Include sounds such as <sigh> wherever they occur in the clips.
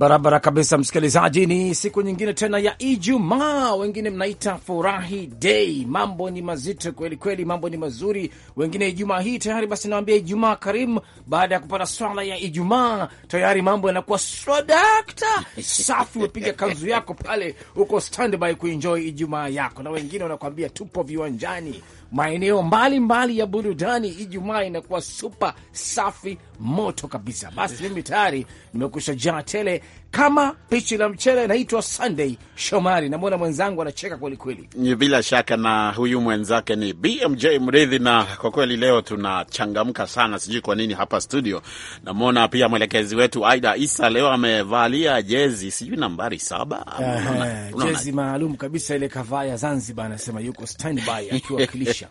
Barabara kabisa, msikilizaji, ni siku nyingine tena ya Ijumaa, wengine mnaita furahi dei. Mambo ni mazito kweli kweli, mambo ni mazuri, wengine Ijumaa hii tayari. Basi nawambia Ijumaa karimu, baada ya kupata swala ya Ijumaa tayari mambo yanakuwa swadakta <laughs> safi. Umepiga kanzu yako pale, uko standby kuenjoy Ijumaa yako, na wengine wanakuambia tupo viwanjani, maeneo mbalimbali ya burudani. Ijumaa inakuwa supa safi moto kabisa. Basi mimi tayari nimekusha jaa tele kama pichi la mchele. Naitwa Sunday Shomari, namwona mwenzangu anacheka kwelikweli. Bila shaka na huyu mwenzake ni BMJ Mridhi, na kwa kweli leo tunachangamka sana, sijui kwa nini hapa studio. Namwona pia mwelekezi wetu Aida Isa leo amevalia jezi sijui nambari saba, jezi maalum kabisa ile kavaa ya Zanzibar, anasema yuko standby akiwakilisha.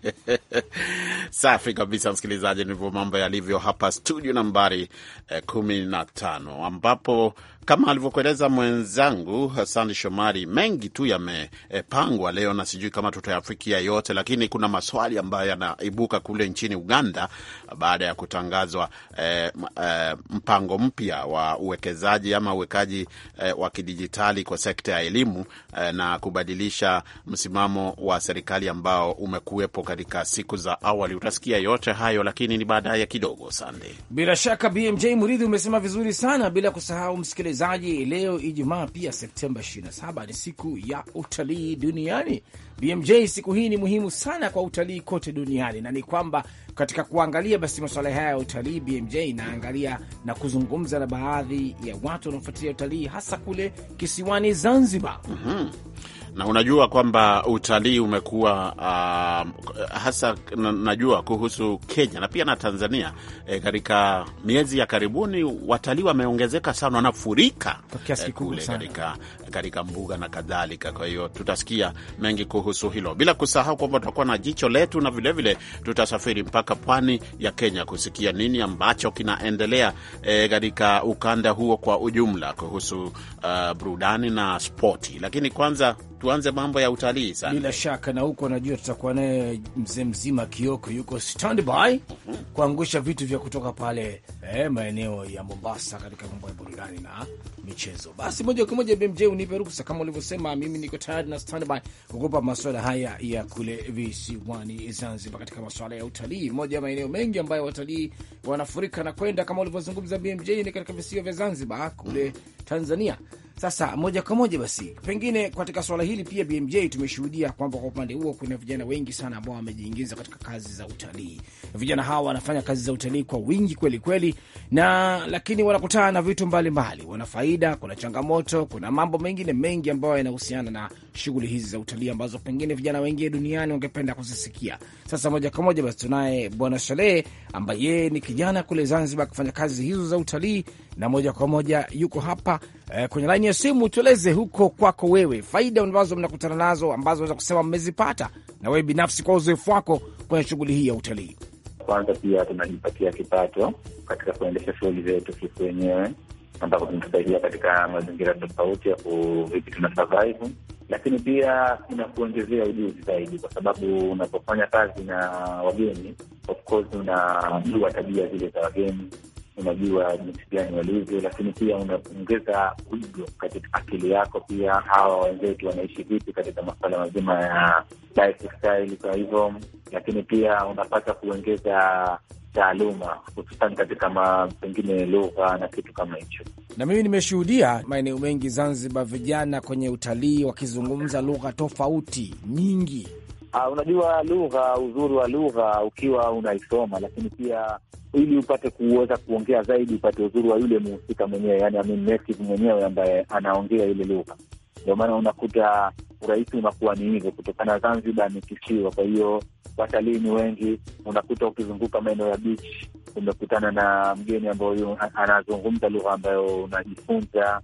<laughs> Safi kabisa, msikilizaji, ndivyo mambo yalivyo hapa studio nambari eh, kumi na tano ambapo kama alivyokueleza mwenzangu Hasani Shomari, mengi tu yamepangwa leo na sijui kama tutayafikia yote, lakini kuna maswali ambayo yanaibuka kule nchini Uganda baada ya kutangazwa e, e, mpango mpya wa uwekezaji ama uwekaji e, wa kidijitali kwa sekta ya elimu e, na kubadilisha msimamo wa serikali ambao umekuwepo katika siku za awali. Utasikia yote hayo, lakini ni baadaye kidogo. Sandi, bila shaka BMJ Muridhi umesema vizuri sana, bila kusahau msikilizaji msikilizaji, leo Ijumaa pia Septemba 27 ni siku ya utalii duniani BMJ, siku hii ni muhimu sana kwa utalii kote duniani, na ni kwamba katika kuangalia basi masuala haya ya utalii, BMJ inaangalia na kuzungumza na baadhi ya watu wanaofuatilia utalii hasa kule kisiwani Zanzibar. mm -hmm. Na unajua kwamba utalii umekuwa uh, hasa najua kuhusu Kenya na pia na Tanzania e, katika miezi ya karibuni watalii wameongezeka sana, wanafurika e, katika mbuga na kadhalika. Kwa hiyo tutasikia mengi kuhusu kuhusu hilo, bila kusahau kwamba tutakuwa na jicho letu na vilevile tutasafiri mpaka pwani ya Kenya kusikia nini ambacho kinaendelea eh, katika e, ukanda huo kwa ujumla kuhusu uh, burudani na spoti. Lakini kwanza tuanze mambo ya utalii sana. Bila shaka na huko najua tutakuwa naye mzee mzima Kioko, yuko standby kuangusha vitu vya kutoka pale eh, maeneo ya Mombasa katika mambo ya burudani na michezo. Basi moja kwa moja BMJ, unipe ruhusa kama ulivyosema, mimi niko tayari na standby kukupa maswala haya ya kule visiwani Zanzibar katika maswala ya utalii. Moja ya maeneo mengi ambayo watalii wanafurika na kwenda kama ulivyozungumza BMJ ni katika visiwa vya Zanzibar kule Tanzania sasa moja kwa moja basi, pengine katika swala hili pia BMJ, tumeshuhudia kwamba kwa upande huo kuna vijana wengi sana ambao wamejiingiza katika kazi za utalii. Vijana hawa wanafanya kazi za utalii kwa wingi kweli kweli, na lakini wanakutana na vitu mbalimbali, wana faida, kuna changamoto, kuna mambo mengine mengi ambayo yanahusiana na shughuli hizi za utalii ambazo pengine vijana wengi duniani wangependa kuzisikia. Sasa moja kwa moja basi, tunaye Bwana Shalehe ambaye yeye ni kijana kule Zanzibar akifanya kazi hizo za utalii na moja kwa moja yuko hapa eh, kwenye laini ya simu. Tueleze huko kwako wewe, faida ambazo mnakutana nazo ambazo naweza kusema mmezipata na wewe binafsi kwa uzoefu wako kwenye shughuli hii ya utalii. Kwanza pia tunajipatia kipato katika kuendesha shughuli zetu sisi wenyewe, ambapo tunasaidia katika mazingira tofauti ya kuvipi tuna survive, lakini pia inakuongezea ujuzi zaidi, kwa sababu unapofanya kazi na wageni, of course unajua tabia zile za wageni unajua jinsi gani walivyo, lakini pia unapongeza wigo katika akili yako, pia hawa wenzetu wanaishi vipi katika masuala mazima ya lifestyle. Kwa hivyo, lakini pia unapata kuongeza taaluma hususan katika pengine lugha na kitu kama hicho. Na mimi nimeshuhudia maeneo mengi Zanzibar, vijana kwenye utalii wakizungumza lugha tofauti nyingi Uh, unajua lugha, uzuri wa lugha ukiwa unaisoma, lakini pia ili upate kuweza kuongea zaidi, upate uzuri wa yule mhusika mwenyewe, yani I mean native mwenyewe ambaye anaongea ile lugha. Ndio maana unakuta urahisi unakuwa ni hivyo, kutokana Zanzibar ni kisiwa, kwa hiyo watalii ni wengi. Unakuta ukizunguka maeneo ya beach, umekutana na mgeni ambayo anazungumza lugha ambayo unajifunza,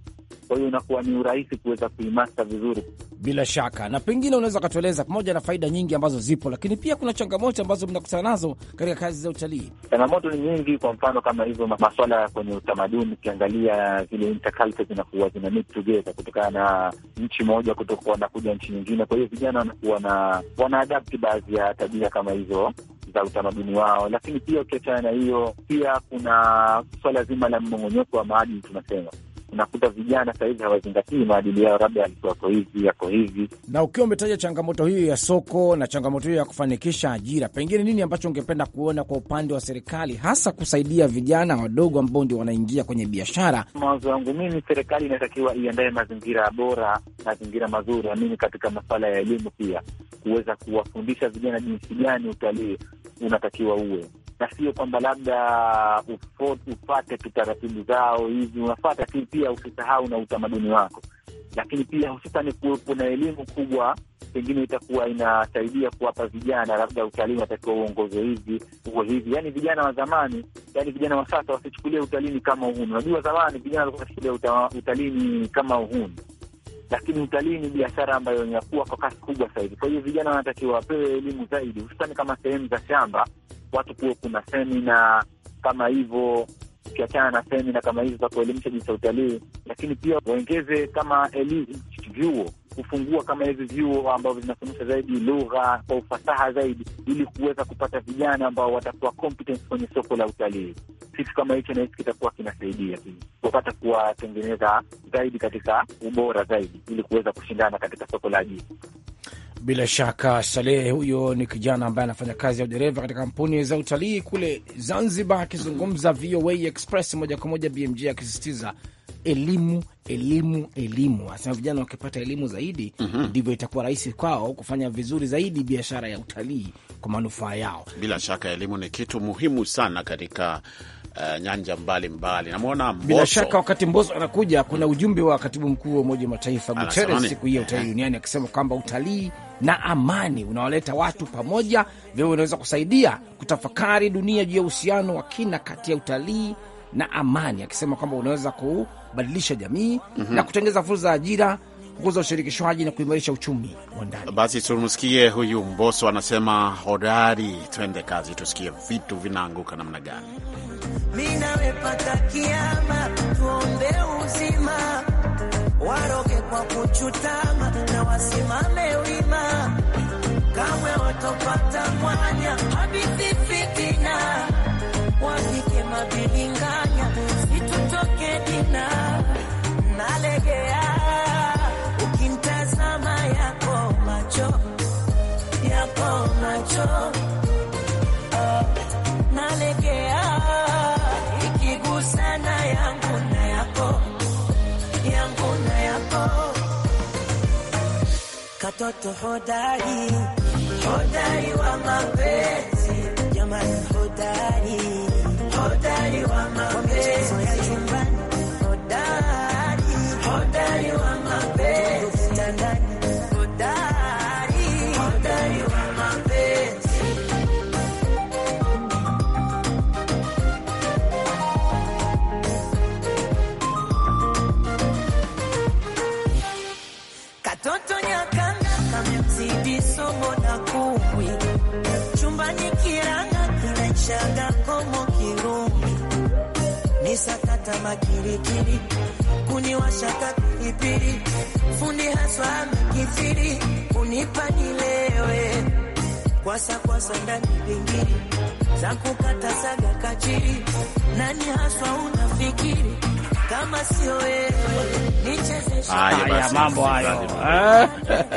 kwa hiyo unakuwa ni urahisi kuweza kuimasta vizuri bila shaka, na pengine unaweza ukatueleza, pamoja na faida nyingi ambazo zipo, lakini pia kuna changamoto ambazo mnakutana nazo katika kazi za utalii. Changamoto ni nyingi, kwa mfano kama hivyo maswala kwenye utamaduni, ukiangalia zile interculture zinakuwa zina meet together kutokana na nchi moja kutokuwa nchi nyingine. Kwa hiyo vijana wanakuwa na wanaadapti baadhi ya tabia kama hizo za utamaduni wao, lakini pia ukiachana na hiyo, pia kuna swala zima la mmong'onyoko wa maadili tunasema unakuta vijana sahizi hawazingatii maadili yao, labda yako hivi yako hivi. Na ukiwa umetaja changamoto hiyo ya soko na changamoto hiyo ya kufanikisha ajira, pengine nini ambacho ungependa kuona kwa upande wa serikali, hasa kusaidia vijana wadogo ambao ndio wanaingia kwenye biashara? Mawazo yangu mimi, serikali inatakiwa iandae mazingira bora, mazingira mazuri, amini katika masuala ya elimu pia, kuweza kuwafundisha vijana jinsi gani utalii unatakiwa uwe na sio kwamba labda ufate tu taratibu zao hivi unafata, lakini pia usisahau na utamaduni wako, lakini pia hususani kuwepo na elimu kubwa pengine itakuwa inasaidia kuwapa vijana labda utalii unatakiwa uongozo hivi huo hivi, yani vijana wa zamani, yani vijana wa sasa wasichukulia utalini kama uhuni. Unajua zamani vijana walikuwa wanachukulia utalii kama uhuni, lakini utalii ni biashara ambayo inakuwa kwa kasi kubwa sasa hivi. Kwa hiyo vijana wanatakiwa wapewe elimu zaidi, hususani kama sehemu za shamba watu kuwe kuna semina kama hivyo, ukiachana na semina kama hizo za kuelimisha jinsi ya utalii, lakini pia waongeze kama elimu vyuo kufungua kama hivi vyuo ambavyo vinafundisha zaidi lugha kwa ufasaha zaidi, ili kuweza kupata vijana ambao watakuwa competence kwenye soko la utalii. Kitu kama hicho nahisi kitakuwa kinasaidia kupata kuwatengeneza zaidi katika ubora zaidi, ili kuweza kushindana katika soko la ajira. Bila shaka Salehe huyo ni kijana ambaye anafanya kazi ya udereva katika kampuni za utalii kule Zanzibar, akizungumza VOA Express moja kwa moja. BMJ akisisitiza elimu, elimu, elimu. Anasema vijana wakipata elimu zaidi mhm. ndivyo, mm -hmm. itakuwa rahisi kwao kufanya vizuri zaidi biashara ya utalii kwa manufaa yao. Bila shaka elimu ni kitu muhimu sana katika Uh, nyanja mbalimbali namwona mbali. Bila shaka wakati Mboso anakuja kuna ujumbe wa katibu mkuu wa Umoja wa Mataifa Guterres siku hii ya utalii duniani akisema kwamba utalii na amani unaoleta watu pamoja. Vyo unaweza kusaidia kutafakari dunia juu ya uhusiano wa kina kati ya utalii na amani, akisema kwamba unaweza kubadilisha jamii mm -hmm. na kutengeza fursa za ajira kukuza ushirikishwaji na kuimarisha uchumi wa ndani. Basi tumsikie huyu Mboso anasema hodari, twende kazi, tusikie vitu vinaanguka namna gani. Mi nawepata kiama, tuombe uzima, waroge kwa kuchutama na wasimame wima mwanya habithi fitina, wafike mabilinganya, situtoke dina, nalegea ukinitazama, yako macho yako macho uh, oh, ikigusana yangu na yako hodari hodari wa mapenzi jamani, hodari hodari wa mapenzi ya chumbani, hodari hodari wa mapenzi ndani, hodari hata makirikiri kuniwasha kapilipili fundi haswa amekithiri kunipa nilewe kwasakwasa ndani bingiri za kukata saga kachiri nani haswa unafikiri kama sio wewe nichezesha haya mambo hayo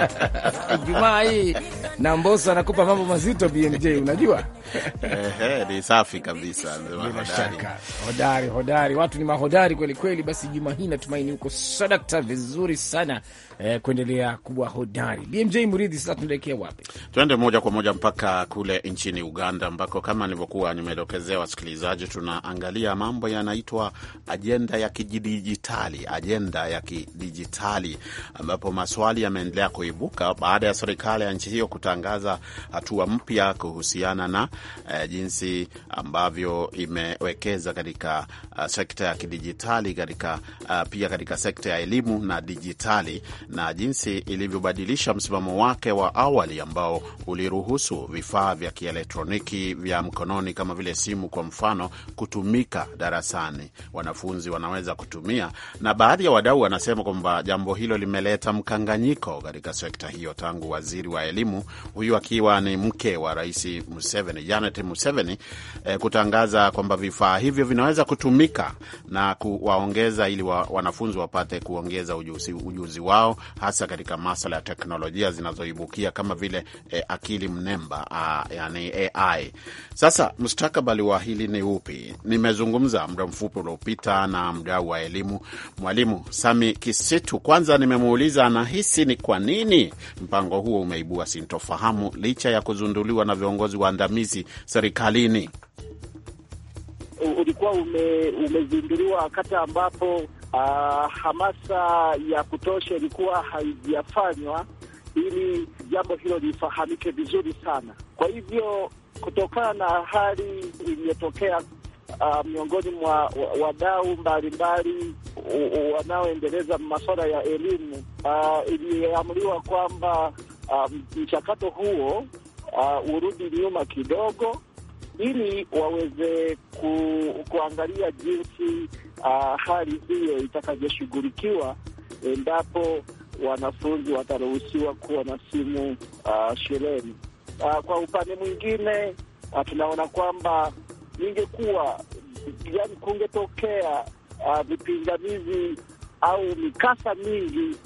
<laughs> jumaa hii na Mboso anakupa mambo mazito BMJ, unajua ni safi kabisa, bila shaka hodari hodari, watu ni mahodari kweli kweli. Basi juma hii natumaini huko sadakta vizuri sana eh, kuendelea kuwa hodari. BMJ Muridhi, sasa tunaelekea wapi? Tuende moja kwa moja mpaka kule nchini Uganda ambako kama nilivyokuwa nimedokezea wasikilizaji, tunaangalia mambo yanaitwa ajenda ya kidijitali, ajenda ya kidijitali ambapo maswali yameendelea kuibuka baada ya serikali ya nchi hiyo kutangaza hatua mpya kuhusiana na eh, jinsi ambavyo imewekeza katika uh, sekta ya kidijitali katika, uh, pia katika sekta ya elimu na dijitali na jinsi ilivyobadilisha msimamo wake wa awali ambao uliruhusu vifaa vya kielektroniki vya mkononi kama vile simu kwa mfano kutumika darasani, wanafunzi wanaweza kutumia, na baadhi ya wadau wanasema kwamba jambo hilo limeleta mkanganyiko katika sekta hiyo tangu waziri wa elimu huyu akiwa ni mke wa rais Museveni, Janet Museveni, eh, kutangaza kwamba vifaa hivyo vinaweza kutumika na kuwaongeza ili wa, wanafunzi wapate kuongeza ujuzi, ujuzi wao hasa katika masala ya teknolojia zinazoibukia kama vile eh, akili mnemba ah, yani AI. Sasa mustakabali wa hili ni upi? Nimezungumza muda mfupi uliopita na mdau wa elimu Mwalimu Sami Kisitu. Kwanza nimemuuliza anahisi ni kwa nini mpango huo umeibua sintofa kufahamu licha ya kuzunduliwa na viongozi waandamizi serikalini? Ulikuwa ume, umezinduliwa wakati ambapo uh, hamasa ya kutosha ilikuwa haijafanywa ili jambo hilo lifahamike vizuri sana. Kwa hivyo kutokana na hali iliyotokea uh, miongoni mwa wadau mbalimbali wanaoendeleza masuala ya elimu uh, iliamriwa kwamba Um, mchakato um, huo uh, urudi nyuma kidogo ili waweze ku, kuangalia jinsi uh, hali hiyo itakavyoshughulikiwa endapo wanafunzi wataruhusiwa kuwa na simu uh, shuleni. Uh, kwa upande mwingine uh, tunaona kwamba ingekuwa yani, kungetokea uh, vipingamizi uh, au mikasa mingi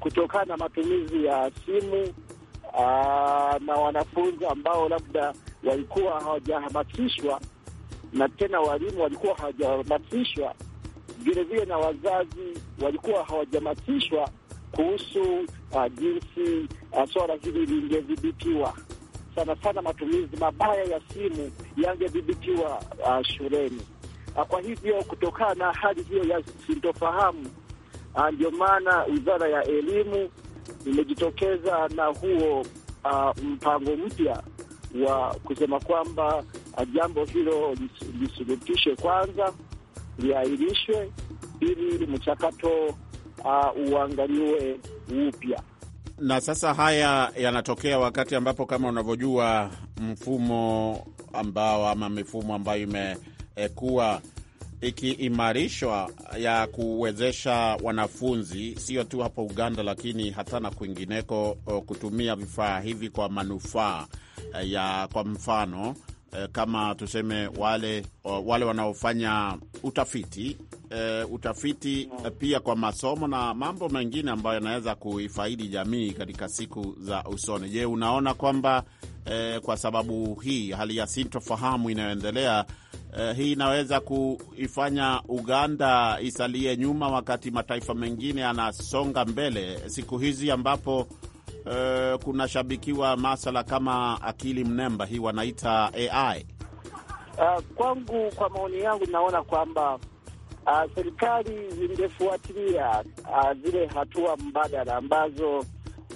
kutokana na matumizi ya simu aa, ah, na wanafunzi ambao labda walikuwa hawajahamasishwa na tena walimu walikuwa hawajahamasishwa vilevile, na wazazi walikuwa hawajahamasishwa kuhusu uh, jinsi uh, swala hili lingedhibitiwa. Sana sana matumizi mabaya ya simu yangedhibitiwa uh, shuleni. Uh, kwa hivyo kutokana na hali hiyo ya sintofahamu, uh, ndio maana wizara ya elimu imejitokeza na huo uh, mpango mpya wa kusema kwamba uh, jambo hilo lisulutishe kwanza, liahirishwe ili mchakato uh, uangaliwe upya. Na sasa haya yanatokea wakati ambapo kama unavyojua mfumo ambao ama mifumo ambayo imekuwa ikiimarishwa ya kuwezesha wanafunzi sio tu hapa Uganda, lakini hata na kwingineko kutumia vifaa hivi kwa manufaa e, ya, kwa mfano e, kama tuseme wale, wale wanaofanya utafiti uh, utafiti pia kwa masomo na mambo mengine ambayo yanaweza kuifaidi jamii katika siku za usoni. Je, unaona kwamba uh, kwa sababu hii hali ya sintofahamu inayoendelea Uh, hii inaweza kuifanya Uganda isalie nyuma wakati mataifa mengine yanasonga mbele siku hizi ambapo uh, kunashabikiwa masala kama akili mnemba hii wanaita AI. Uh, ah, kwangu, kwa maoni yangu, naona kwamba uh, serikali zingefuatilia uh, zile hatua mbadala ambazo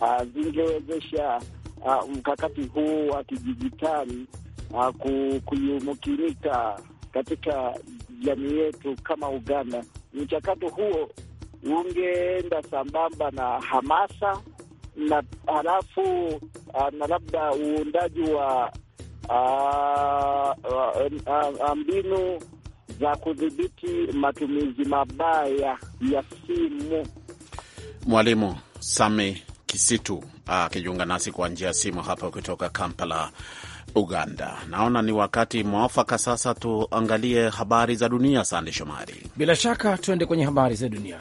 uh, zingewezesha uh, mkakati huu wa kidijitali Ah, kuyumukinika katika jamii yetu kama Uganda, mchakato huo ungeenda sambamba na hamasa na halafu ah, na labda uundaji wa ah, mbinu za kudhibiti matumizi mabaya ya simu. Mwalimu Sami Kisitu akijiunga nasi kwa njia ya simu hapa kutoka Kampala. Uganda. Naona ni wakati mwafaka sasa tuangalie habari za dunia. Sande Shomari, bila shaka tuende kwenye habari za dunia.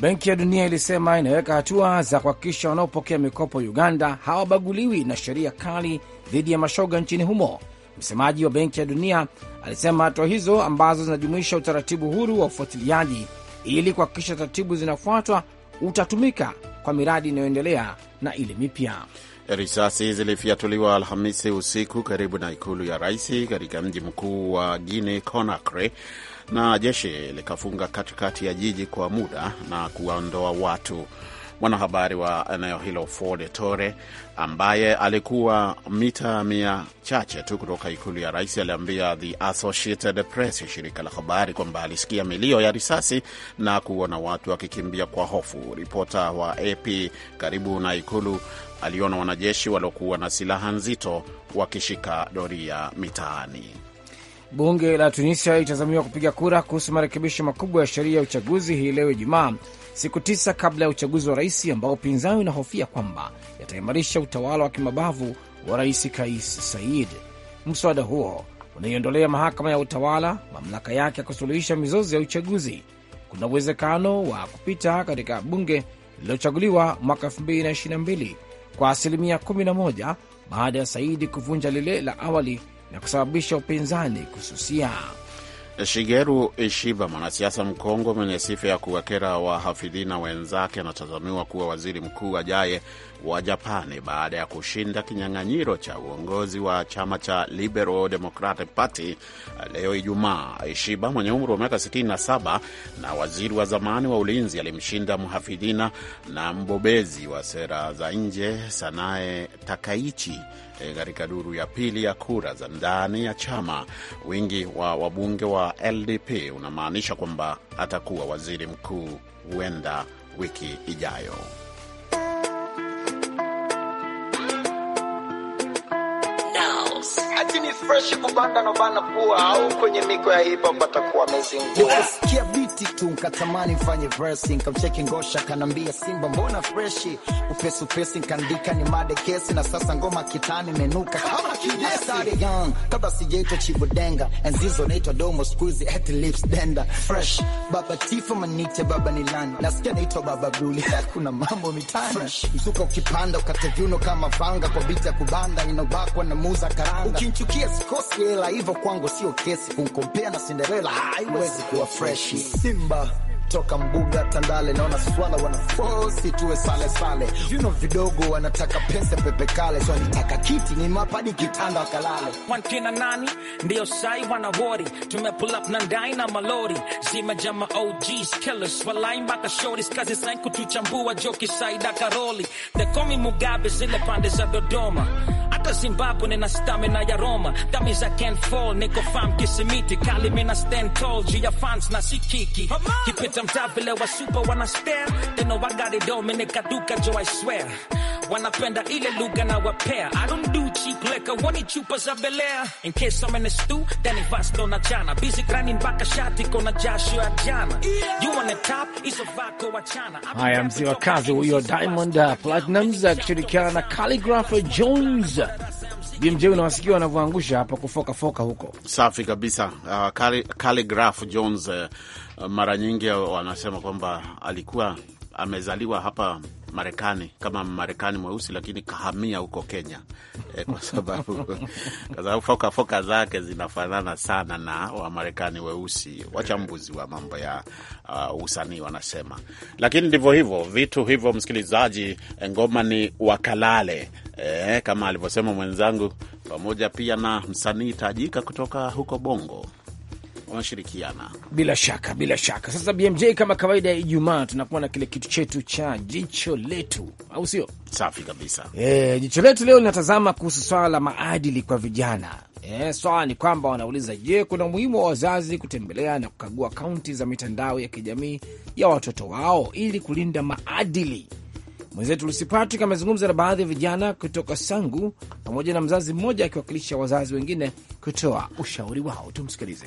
Benki ya Dunia ilisema inaweka hatua za kuhakikisha wanaopokea mikopo Uganda hawabaguliwi na sheria kali dhidi ya mashoga nchini humo. Msemaji wa Benki ya Dunia alisema hatua hizo ambazo zinajumuisha utaratibu huru wa ufuatiliaji ili kuhakikisha taratibu zinafuatwa utatumika kwa miradi inayoendelea na ile mipya. Risasi zilifyatuliwa Alhamisi usiku karibu na ikulu ya rais katika mji mkuu wa Guinea Conakry, na jeshi likafunga katikati ya jiji kwa muda na kuwaondoa watu mwanahabari wa eneo hilo Ford Tore, ambaye alikuwa mita mia chache tu kutoka ikulu ya rais, aliambia The Associated Press, shirika la habari, kwamba alisikia milio ya risasi na kuona watu wakikimbia kwa hofu. Ripota wa AP karibu na ikulu aliona wanajeshi waliokuwa na silaha nzito wakishika doria mitaani. Bunge la Tunisia ilitazamiwa kupiga kura kuhusu marekebisho makubwa ya sheria ya uchaguzi hii leo Ijumaa, siku tisa kabla ya uchaguzi wa rais ambao upinzani unahofia kwamba yataimarisha utawala wa kimabavu wa Rais Kais Said. Mswada huo unaiondolea mahakama ya utawala mamlaka yake ya kusuluhisha mizozo ya uchaguzi. Kuna uwezekano wa kupita katika bunge lililochaguliwa mwaka 2022 kwa asilimia 11 baada ya Saidi kuvunja lile la awali na kusababisha upinzani kususia. Shigeru Ishiba, mwanasiasa mkongwe mwenye sifa ya kuwakera wahafidhina wenzake, anatazamiwa kuwa waziri mkuu ajaye wa Japani baada ya kushinda kinyang'anyiro cha uongozi wa chama cha Liberal Democratic Party uh, leo Ijumaa. Ishiba mwenye umri wa miaka 67 na waziri wa zamani wa ulinzi alimshinda mhafidhina na mbobezi wa sera za nje Sanae Takaichi eh, katika duru ya pili ya kura za ndani ya chama. Wingi wa wabunge wa LDP unamaanisha kwamba atakuwa waziri mkuu huenda wiki ijayo. fresh kubanda na bana pua au kwenye miko ya hip hop atakuwa amezingua miti nkatamani mfanye verse, nkamcheki ngosha kanambia Simba mbona freshi upesi upesi, nkaandika ni made kesi na sasa ngoma kitani imenuka kama kijesi young kabla sijaitwa chibudenga, enzizo naitwa domo squeeze at lips denda fresh baba tifa manite baba nilani nasikia naitwa baba buli <laughs> kuna mambo mitana mzuka ukipanda ukate viuno kama vanga kwa biti ya kubanda inobakwa na muza karanga ukinchukia sikosi hela hivyo kwangu sio kesi kunkompea na Cinderella haiwezi kuwa freshi Simba toka mbuga Tandale, naona swala wanafosi tuwe sale sale, vyuno vidogo wanataka pesa pepe kale, so nitaka kiti ni mapadi kitanda wakalale. Kina nani ndio sai wanawori, pull up na ndai na malori zimejama OGs killers, walai mpaka shori kazi sai kutuchambua joki saida karoli, they call me Mugabe zile pande za Dodoma hata Zimbabwe nina stamina ya Roma, damage I can't fall, niko fam kisimiti kali, mina stand tall juu ya fans na sikiki kipita mtaa wa super wana stare tena wagari dominikaduka jo I swear wanapenda ile lugha na wapea I don't do cheap liquor, woni chupa za belea. In case I'm in a stew, then it vas dona jana. Busy grinding back a shot, ikona jasho ya jana. You on the top, it's a vako wa chana. I am wa kazi your Diamond Platnumz actually, Kiana Calligrapher Jones. BMJ unawasikia wanavyoangusha hapa kufoka foka huko. Safi kabisa. Uh, Calligrapher Jones uh, mara nyingi wanasema kwamba alikuwa amezaliwa hapa Marekani kama Marekani mweusi, lakini kahamia huko Kenya <laughs> e, kwa sababu kwa sababu foka foka zake zinafanana sana na Wamarekani weusi. Wachambuzi wa mambo ya uh, usanii wanasema, lakini ndivyo hivyo vitu hivyo. Msikilizaji, eh, ngoma ni wakalale e, kama alivyosema mwenzangu, pamoja pia na msanii tajika kutoka huko Bongo wanashirikiana bila shaka, bila shaka. Sasa BMJ, kama kawaida ya Ijumaa, tunakuwa na kile kitu chetu cha jicho letu, au sio? Safi kabisa. E, jicho letu leo linatazama kuhusu swala la maadili kwa vijana. E, swala ni kwamba wanauliza, je, kuna umuhimu wa wazazi kutembelea na kukagua akaunti za mitandao ya kijamii ya watoto wao ili kulinda maadili? Mwenzetu Lucy Patrick amezungumza na baadhi ya vijana kutoka Sangu pamoja na mzazi mmoja akiwakilisha wazazi wengine kutoa ushauri wao. Tumsikilize.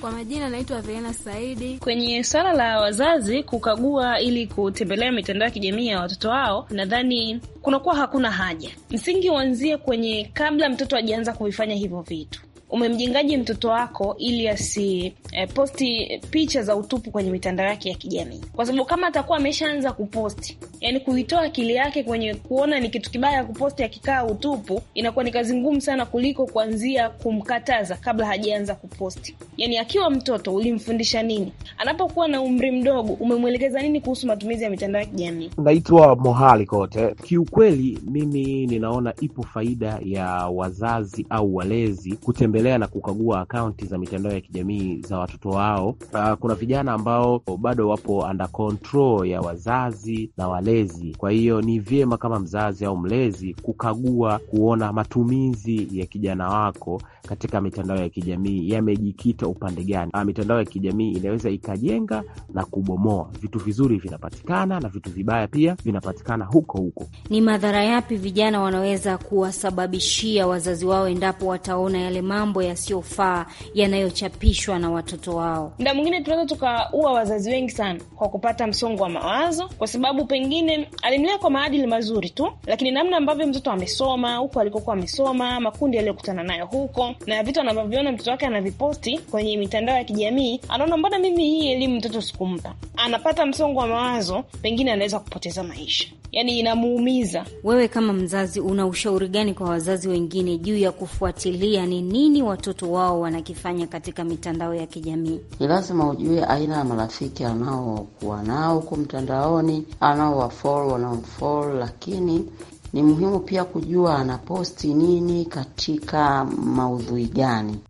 Kwa majina naitwa Veena Saidi. Kwenye swala la wazazi kukagua ili kutembelea mitandao ya kijamii ya watoto wao, nadhani kunakuwa hakuna haja. Msingi uanzie kwenye kabla mtoto ajaanza kuvifanya hivyo vitu umemjengaje mtoto wako ili asiposti eh, picha za utupu kwenye mitandao yake ya kijamii, kwa sababu kama atakuwa ameshaanza kuposti, yani kuitoa akili yake kwenye kuona ni kitu kibaya kuposti, akikaa utupu, inakuwa ni kazi ngumu sana kuliko kuanzia kumkataza kabla hajaanza kuposti. Yani akiwa mtoto ulimfundisha nini? Anapokuwa na umri mdogo umemwelekeza nini kuhusu matumizi ya mitandao ya kijamii? Naitwa Mohali Kote. Kiukweli mimi ninaona ipo faida ya wazazi au walezi kutembelea kutembelea na kukagua akaunti za mitandao ya kijamii za watoto wao. Uh, kuna vijana ambao bado wapo under control ya wazazi na walezi. Kwa hiyo ni vyema kama mzazi au mlezi kukagua, kuona matumizi ya kijana wako katika mitandao ya kijamii yamejikita upande gani. Uh, mitandao ya kijamii inaweza ikajenga na kubomoa. Vitu vizuri vinapatikana na vitu vibaya pia vinapatikana huko huko. Ni madhara yapi vijana wanaweza kuwasababishia wazazi wao endapo wataona yale mambo mambo yasiyofaa yanayochapishwa na watoto wao. Mda mwingine tunaweza tukaua wazazi wengi sana kwa kupata msongo wa mawazo, kwa sababu pengine alimlea kwa maadili mazuri tu, lakini namna ambavyo mtoto amesoma huko alikokuwa amesoma, makundi aliyokutana nayo huko, na vitu anavyoviona mtoto wake anaviposti kwenye mitandao ya kijamii, anaona mbona mimi hii elimu mtoto sikumpa, anapata msongo wa mawazo, pengine anaweza kupoteza maisha, yani inamuumiza. Wewe kama mzazi, una ushauri gani kwa wazazi wengine juu ya kufuatilia ni nini nini watoto wao wanakifanya katika mitandao ya kijamii. Ni lazima ujue aina ya marafiki anaokuwa nao huko mtandaoni, anaowafolo, wanaomfolo, lakini ni muhimu pia kujua anaposti nini katika maudhui gani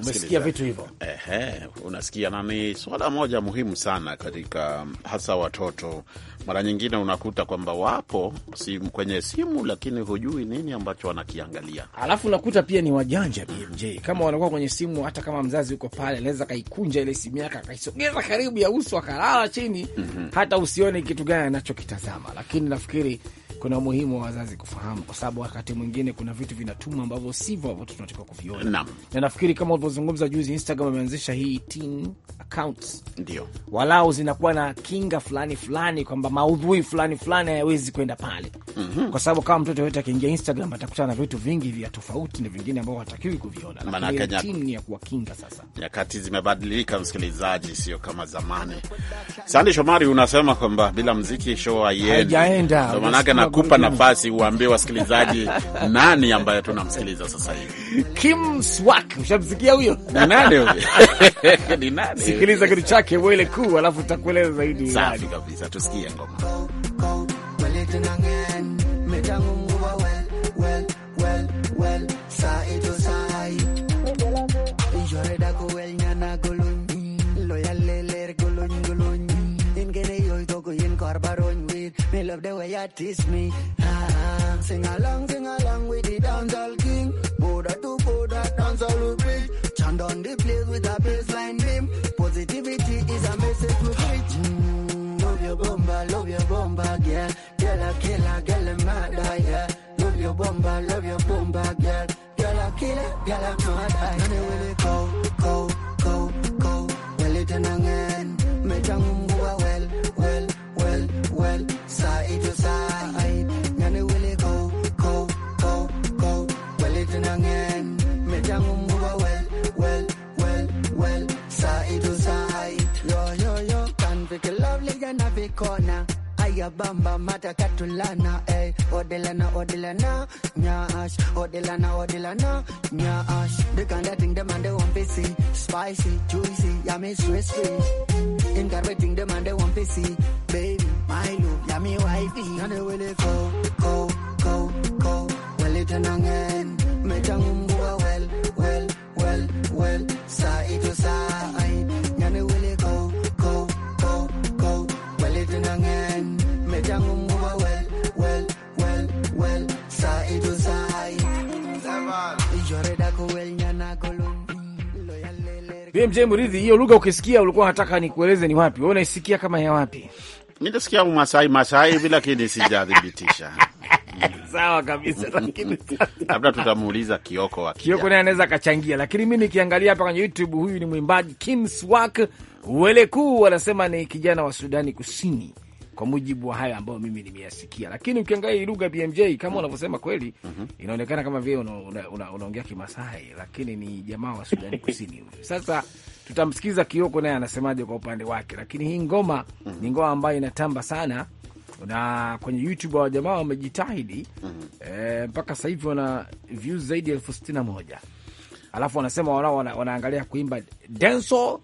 umesikia vitu hivyo eh, unasikia na ni swala moja muhimu sana katika um, hasa watoto. Mara nyingine unakuta kwamba wapo simu, kwenye simu lakini hujui nini ambacho wanakiangalia, alafu unakuta pia ni wajanja BMJ kama wanakuwa kwenye simu, hata kama mzazi uko pale, anaweza kaikunja ile simu yake akaisogeza karibu ya uso akalala chini mm -hmm. hata usione kitu gani anachokitazama, lakini nafikiri kuna umuhimu wa wazazi kufahamu, kwa sababu wakati mwingine kuna vitu vinatuma ambavyo sivyo watoto wanatakiwa kuviona na, na nafikiri kama ulivyozungumza juzi, Instagram ameanzisha hii teen accounts, ndio walau zinakuwa na kinga fulani fulani kwamba maudhui fulani fulani hayawezi kwenda pale mm -hmm. kwa sababu kama mtoto yoyote akiingia Instagram atakutana na vitu vingi vya tofauti na vingine ambavyo hatakiwi kuviona, lakini teen ni ya kuwakinga. Sasa nyakati zimebadilika, msikilizaji, sio kama zamani. Sandi Shomari unasema kwamba bila mziki show haiendi, haijaenda maanake na tunakupa nafasi uambie wasikilizaji <laughs> nani ambaye tunamsikiliza sasa hivi. Kim Swak, huyo? Ni nani huyo? <laughs> Ni nani? Sikiliza kitu chake wele kuu, alafu tutakueleza zaidi. Safi kabisa, tusikie ngoma. love the way you tease me. Ah, sing along, sing along with the dancehall king. Boda to boda, dancehall will bridge. Chant on the place with a baseline beam. Positivity is a message we preach. Mm, love your bomba, love your bomba, girl. Girl a killer, girl a murder, yeah. Love your bomba, love your bomba, girl. Girl a killer, girl a murder. Yeah. Anyway, go, go. ya bamba matakatulana ey eh. odelana odelana nyash odelana odelana nyash the kind of thing they want to see, spicy juicy yummy sweet sweet in garbe thing they want to see, baby my love yummy wifey go, go. Well it ko ko wele tanangen metangumbua well well well well Side to side. ito sa ay go, go, go. ko ko ko wele tanangen BMJ Muridhi, hiyo lugha ukisikia ulikuwa hataka nikueleze ni wapi? Wewe unaisikia kama ya wapi? Mi nasikia Masai Masai hivi lakini sijathibitisha. <laughs> Sawa kabisa lakini labda tutamuuliza Kioko wa Kioko naye anaweza akachangia, lakini mi nikiangalia hapa kwenye YouTube, huyu ni mwimbaji Kimswak Welekuu, Weleku, wanasema ni kijana wa Sudani Kusini kwa mujibu wa haya ambayo mimi nimeyasikia. Lakini ukiangalia hii lugha BMJ kama unavyosema kweli, mm -hmm. inaonekana kama vile unaongea una, una, una Kimasai, lakini ni jamaa wa Sudani Kusini huyu. Sasa tutamsikiza Kioko naye anasemaje kwa upande wake, lakini hii ngoma mm -hmm. ni ngoma ambayo inatamba sana na kwenye YouTube wa jamaa wamejitahidi mhm. eh, mpaka mm -hmm. e, sasa hivi wana views zaidi ya elfu sitini na moja alafu wanasema wanao wanaangalia kuimba dancehall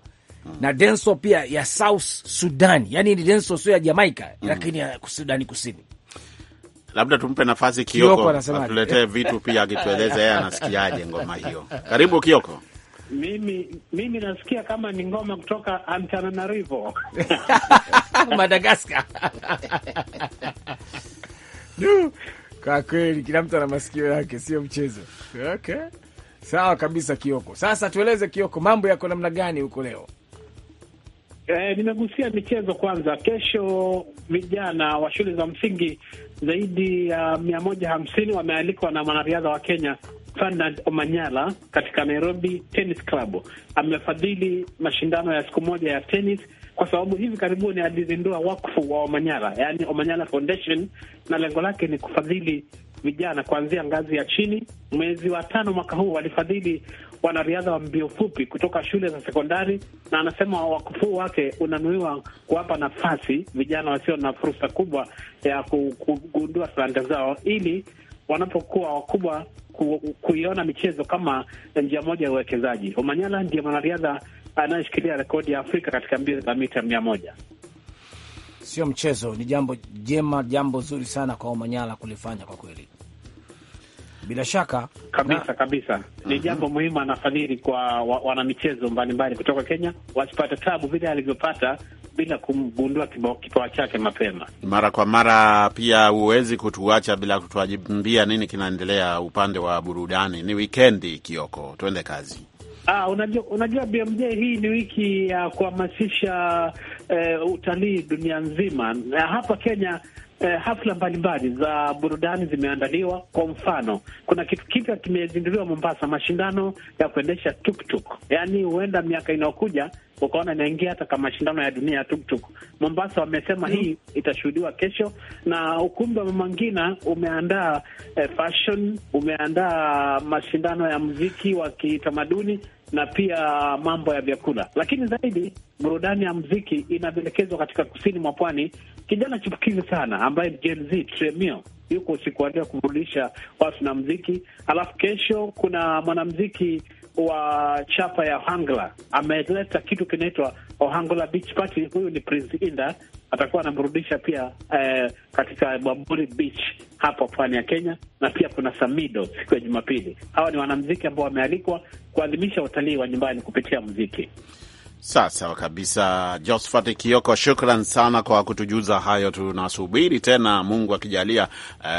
na denso pia ya South Sudan, yani ni denso sio ya Jamaica mm. lakini ya Sudani Kusini. Labda tumpe nafasi Kioko atuletee vitu pia, akitueleza yeye anasikiaje ngoma hiyo. Karibu Kioko. Mimi mimi nasikia kama ni ngoma kutoka Antananarivo <laughs> Madagaskar. <laughs> Kwa kweli kila mtu ana masikio yake, sio mchezo. Okay, sawa kabisa Kioko. Sasa tueleze Kioko, mambo yako namna gani huko leo? Eh, nimegusia michezo kwanza. Kesho vijana wa shule za msingi zaidi ya uh, mia moja hamsini wamealikwa na mwanariadha wa Kenya Ferdinand Omanyala katika Nairobi Tennis Club. Amefadhili mashindano ya siku moja ya tennis kwa sababu hivi karibuni alizindua wakfu wa Omanyala, yaani Omanyala Foundation, na lengo lake ni kufadhili vijana kuanzia ngazi ya chini. Mwezi wa tano mwaka huu walifadhili wanariadha wa mbio fupi kutoka shule za sekondari, na anasema wakufuu wake unanuiwa kuwapa nafasi vijana wasio na fursa kubwa ya kugundua talanta zao ili wanapokuwa wakubwa kuiona michezo kama njia moja ya uwekezaji. Omanyala ndiye mwanariadha anayeshikilia rekodi ya Afrika katika mbio za mita mia moja. Sio mchezo, ni jambo jema, jambo zuri sana kwa Omanyala kulifanya kwa kweli bila shaka kabisa na, kabisa ni mm -hmm. jambo muhimu anafadhili kwa wa, wanamichezo mbalimbali kutoka Kenya wasipate tabu vile alivyopata bila kumgundua kipawa chake mapema. Mara kwa mara pia huwezi kutuacha bila kutuajimbia nini kinaendelea upande wa burudani. Ni wikendi, Kioko, tuende kazi. Ah, unajua, unajua BMJ hii ni wiki ya uh, kuhamasisha uh, utalii dunia nzima na hapa Kenya eh, hafla mbalimbali za burudani zimeandaliwa. Kwa mfano, kuna kitu kipya kimezinduliwa Mombasa, mashindano ya kuendesha tuktuk. Yaani huenda miaka inayokuja ukaona inaingia hata kama mashindano ya dunia ya tuktuk. Mombasa wamesema mm, hii itashuhudiwa kesho, na ukumbi wa Mama Ngina umeandaa eh, fashion, umeandaa mashindano ya muziki wa kitamaduni na pia mambo ya vyakula, lakini zaidi burudani ya muziki inapendekezwa katika kusini mwa pwani kijana chupukizi sana ambaye ni Gen Z Tremio yuko usiku wa kuburudisha watu na mziki. Alafu kesho kuna mwanamziki wa chapa ya Ohangla ameleta kitu kinaitwa Ohangla Beach Party. Huyu ni Prince Inda, atakuwa anamrudisha pia eh, katika Bamburi Beach hapa pwani ya Kenya, na pia kuna Samido siku ya Jumapili. Hawa ni wanamziki ambao wamealikwa kuadhimisha utalii wa nyumbani kupitia mziki. Sawa kabisa, Josphat Kioko, shukran sana kwa kutujuza hayo. Tunasubiri tena, Mungu akijalia,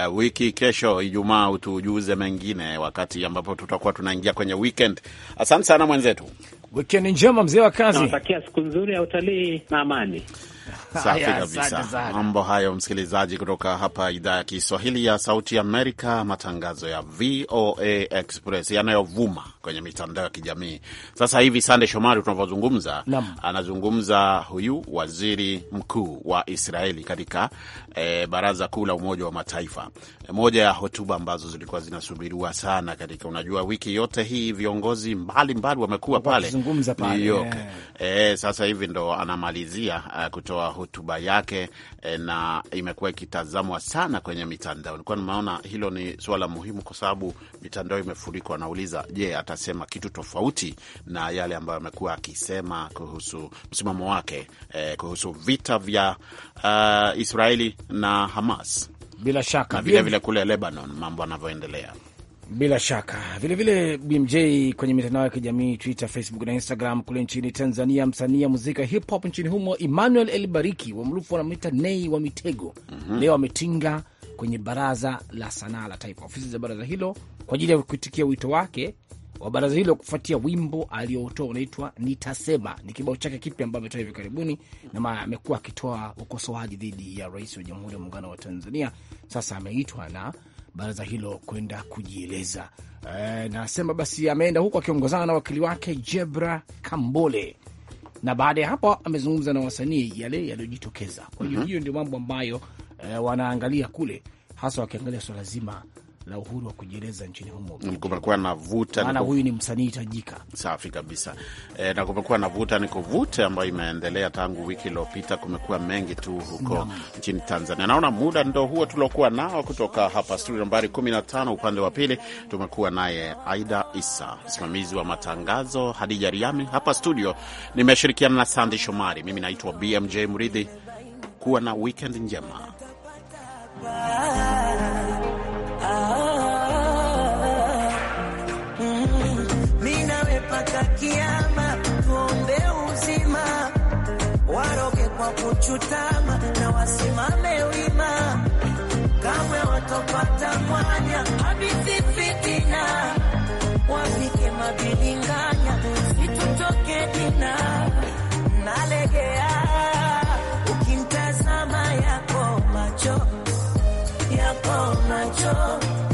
uh, wiki kesho Ijumaa utujuze mengine, wakati ambapo tutakuwa tunaingia kwenye weekend. Asante sana mwenzetu, wikendi njema mzee wa kazi, natakia siku nzuri ya utalii na amani. Safi kabisa. Mambo hayo, msikilizaji, kutoka hapa idhaa ya Kiswahili ya Sauti Amerika, matangazo ya VOA Express yanayovuma kwenye mitandao ya kijamii sasa hivi. Sande Shomari, tunavyozungumza anazungumza huyu waziri mkuu wa Israeli katika e, Baraza Kuu la Umoja wa Mataifa. E, Moja ya hotuba ambazo zilikuwa zinasubiriwa sana katika, unajua wiki yote hii viongozi mbalimbali wamekuwa pale New York. E, sasa hivi ndo anamalizia eh, kutoa hotuba yake e, na imekuwa ikitazamwa sana kwenye mitandao. Nilikuwa nimeona hilo ni suala muhimu, kwa sababu mitandao imefurikwa. Anauliza, je, atasema kitu tofauti na yale ambayo amekuwa akisema kuhusu msimamo wake e, kuhusu vita vya uh, Israeli na Hamas bila shaka, na vilevile kule Lebanon mambo yanavyoendelea. Bila shaka vilevile vile BMJ kwenye mitandao ya kijamii Twitter, Facebook na Instagram. Kule nchini Tanzania, msanii muziki hip hop nchini humo Emmanuel wa mrufu wanamwita Nei wa Mitego mm -hmm. leo ametinga kwenye baraza la sanaa la taifa, ofisi za baraza hilo kwa ajili ya kuitikia wito wake wa baraza hilo kufuatia wimbo aliotoa unaitwa Nitasema. Ni kibao chake kipya ambayo ametoa hivi karibuni, na amekuwa akitoa ukosoaji dhidi ya rais wa Jamhuri ya Muungano wa Tanzania. Sasa ameitwa na baraza hilo kwenda kujieleza. E, nasema basi ameenda huku akiongozana na wakili wake Jebra Kambole, na baada ya hapo amezungumza na wasanii yale yaliyojitokeza. Kwa hiyo mhm. hiyo ndio mambo ambayo e, wanaangalia kule, hasa wakiangalia swala zima la uhuru wa kujieleza nchini humo. Mm, kumekuwa na vuta maana, huyu ni msanii tajika. Safi kabisa. E, na kumekuwa na vuta ni kuvute ambayo imeendelea tangu wiki iliyopita. Kumekuwa mengi tu huko nchini Tanzania. Naona muda ndo huo tuliokuwa nao kutoka hapa studio nambari 15 upande wa pili tumekuwa naye Aida Isa, msimamizi wa matangazo, Hadija Riami hapa studio, nimeshirikiana na Sandi Shomari. Mimi naitwa BMJ Mridhi. Kuwa na weekend njema. tusimame wima, kamwe watopata mwanya, habithi fitina, wafike mabilinganya, situtoke dina, nalegea ukimtazama yako macho yako macho